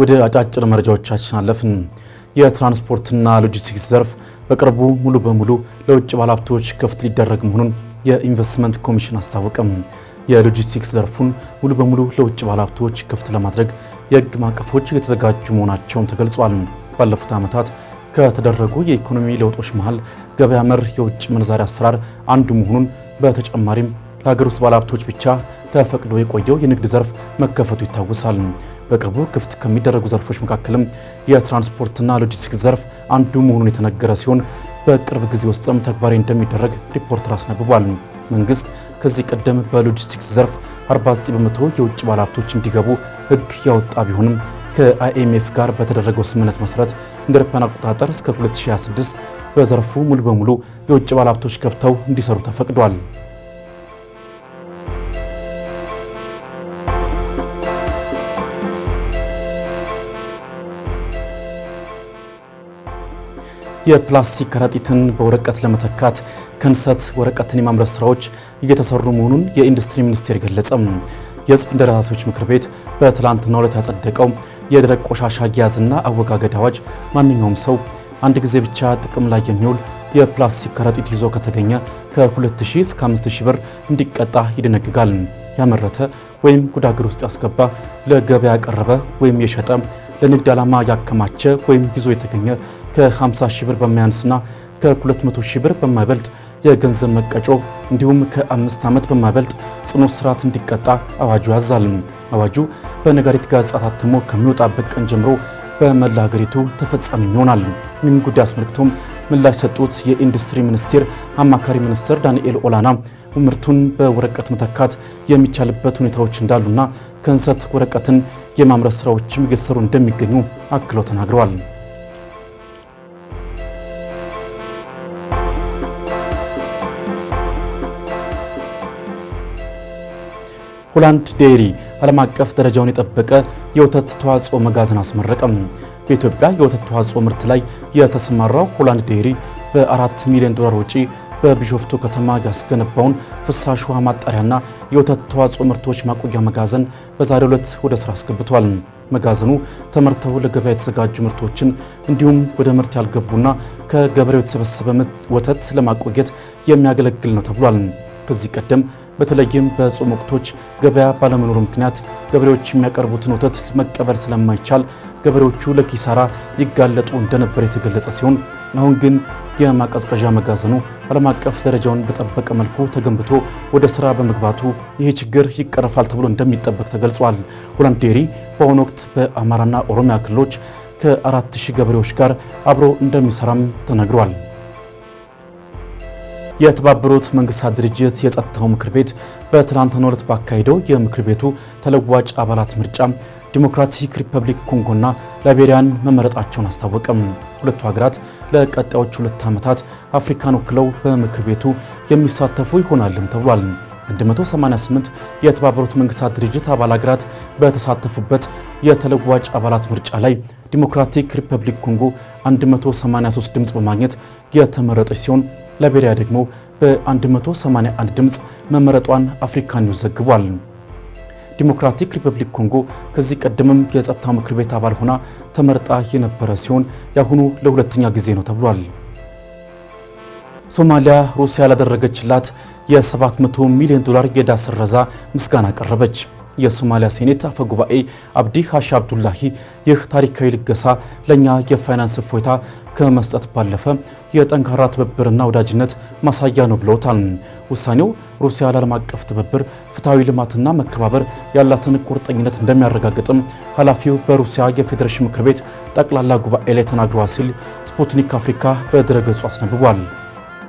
ወደ አጫጭር መረጃዎቻችን አለፍን። የትራንስፖርትና ሎጂስቲክስ ዘርፍ በቅርቡ ሙሉ በሙሉ ለውጭ ባለሀብቶች ክፍት ሊደረግ መሆኑን የኢንቨስትመንት ኮሚሽን አስታወቀም። የሎጂስቲክስ ዘርፉን ሙሉ በሙሉ ለውጭ ባለሀብቶች ክፍት ለማድረግ የህግ ማዕቀፎች የተዘጋጁ መሆናቸውም ተገልጿል። ባለፉት ዓመታት ከተደረጉ የኢኮኖሚ ለውጦች መሃል ገበያ መር የውጭ ምንዛሪ አሰራር አንዱ መሆኑን በተጨማሪም ለሀገር ውስጥ ባለሀብቶች ብቻ ተፈቅዶ የቆየው የንግድ ዘርፍ መከፈቱ ይታወሳል። በቅርቡ ክፍት ከሚደረጉ ዘርፎች መካከልም የትራንስፖርትና ሎጂስቲክስ ዘርፍ አንዱ መሆኑን የተነገረ ሲሆን በቅርብ ጊዜ ውስጥም ተግባራዊ እንደሚደረግ ሪፖርተር አስነብቧል። መንግስት ከዚህ ቀደም በሎጂስቲክስ ዘርፍ 49 በመቶ የውጭ ባለሀብቶች እንዲገቡ ህግ ያወጣ ቢሆንም ከአይኤምኤፍ ጋር በተደረገው ስምምነት መሰረት እንደ አውሮፓውያን አቆጣጠር እስከ 2026 በዘርፉ ሙሉ በሙሉ የውጭ ባለሀብቶች ገብተው እንዲሰሩ ተፈቅዷል። የፕላስቲክ ከረጢትን በወረቀት ለመተካት ከእንሰት ወረቀትን የማምረት ስራዎች እየተሰሩ መሆኑን የኢንዱስትሪ ሚኒስቴር ገለጸም። የህዝብ እንደራሴዎች ምክር ቤት በትላንትናው ዕለት ያጸደቀው የደረቅ ቆሻሻ አያያዝና አወጋገድ አዋጅ ማንኛውም ሰው አንድ ጊዜ ብቻ ጥቅም ላይ የሚውል የፕላስቲክ ከረጢት ይዞ ከተገኘ ከ2000 እስከ 5000 ብር እንዲቀጣ ይደነግጋል። ያመረተ ወይም ወደ አገር ውስጥ ያስገባ፣ ለገበያ ያቀረበ ወይም የሸጠ፣ ለንግድ ዓላማ ያከማቸ ወይም ይዞ የተገኘ ከ50 ሺህ ብር በማያንስና ከ200 ሺህ ብር በማይበልጥ የገንዘብ መቀጮ እንዲሁም ከአምስት ዓመት በማይበልጥ ጽኑ እስራት እንዲቀጣ አዋጁ ያዛል። አዋጁ በነጋሪት ጋዜጣ ታትሞ ከሚወጣበት ቀን ጀምሮ በመላ ሀገሪቱ ተፈጻሚ ይሆናል። ይህን ጉዳይ አስመልክቶም ምላሽ የሰጡት የኢንዱስትሪ ሚኒስቴር አማካሪ ሚኒስትር ዳንኤል ኦላና ምርቱን በወረቀት መተካት የሚቻልበት ሁኔታዎች እንዳሉና ከእንሰት ወረቀትን የማምረት ስራዎችም እየተሰሩ እንደሚገኙ አክለው ተናግረዋል። ሆላንድ ዴይሪ ዓለም አቀፍ ደረጃውን የጠበቀ የወተት ተዋጽኦ መጋዘን አስመረቀም። በኢትዮጵያ የወተት ተዋጽኦ ምርት ላይ የተሰማራው ሆላንድ ዴይሪ በአራት ሚሊዮን ዶላር ወጪ በቢሾፍቱ ከተማ ያስገነባውን ፍሳሽ ውሃ ማጣሪያና የወተት ተዋጽኦ ምርቶች ማቆያ መጋዘን በዛሬው ዕለት ወደ ስራ አስገብቷል። መጋዘኑ ተመርተው ለገበያ የተዘጋጁ ምርቶችን እንዲሁም ወደ ምርት ያልገቡና ከገበሬው የተሰበሰበ ወተት ለማቆየት የሚያገለግል ነው ተብሏል። ከዚህ ቀደም በተለይም በጾም ወቅቶች ገበያ ባለመኖሩ ምክንያት ገበሬዎች የሚያቀርቡትን ወተት መቀበል ስለማይቻል ገበሬዎቹ ለኪሳራ ይጋለጡ እንደነበር የተገለጸ ሲሆን አሁን ግን የማቀዝቀዣ መጋዘኑ ዓለም አቀፍ ደረጃውን በጠበቀ መልኩ ተገንብቶ ወደ ስራ በመግባቱ ይህ ችግር ይቀረፋል ተብሎ እንደሚጠበቅ ተገልጿል። ሆላንድ ዴሪ በአሁኑ ወቅት በአማራና ኦሮሚያ ክልሎች ከአራት ሺህ ገበሬዎች ጋር አብሮ እንደሚሰራም ተነግሯል። የተባበሩት መንግስታት ድርጅት የጸጥታው ምክር ቤት በትናንትናው ዕለት ባካሄደው የምክር ቤቱ ተለዋጭ አባላት ምርጫ ዲሞክራቲክ ሪፐብሊክ ኮንጎና ላይቤሪያን መመረጣቸውን አስታወቀም። ሁለቱ ሀገራት ለቀጣዮቹ ሁለት ዓመታት አፍሪካን ወክለው በምክር ቤቱ የሚሳተፉ ይሆናልም ተብሏል። 188 የተባበሩት መንግስታት ድርጅት አባል ሀገራት በተሳተፉበት የተለዋጭ አባላት ምርጫ ላይ ዲሞክራቲክ ሪፐብሊክ ኮንጎ 183 ድምፅ በማግኘት የተመረጠች ሲሆን ላይቤሪያ ደግሞ በ181 ድምፅ መመረጧን አፍሪካ ኒውስ ዘግቧል። ዲሞክራቲክ ሪፐብሊክ ኮንጎ ከዚህ ቀደምም የጸጥታ ምክር ቤት አባል ሆና ተመርጣ የነበረ ሲሆን የአሁኑ ለሁለተኛ ጊዜ ነው ተብሏል። ሶማሊያ ሩሲያ ላደረገችላት የ700 ሚሊዮን ዶላር የዕዳ ስረዛ ምስጋና ቀረበች። የሶማሊያ ሴኔት አፈ ጉባኤ አብዲ ሀሺ አብዱላሂ ይህ ታሪካዊ ልገሳ ለእኛ የፋይናንስ እፎይታ ከመስጠት ባለፈ የጠንካራ ትብብርና ወዳጅነት ማሳያ ነው ብለውታል። ውሳኔው ሩሲያ ለዓለም አቀፍ ትብብር፣ ፍትሐዊ ልማትና መከባበር ያላትን ቁርጠኝነት እንደሚያረጋግጥም ኃላፊው በሩሲያ የፌዴሬሽን ምክር ቤት ጠቅላላ ጉባኤ ላይ ተናግረዋል ሲል ስፑትኒክ አፍሪካ በድረገጹ አስነብቧል።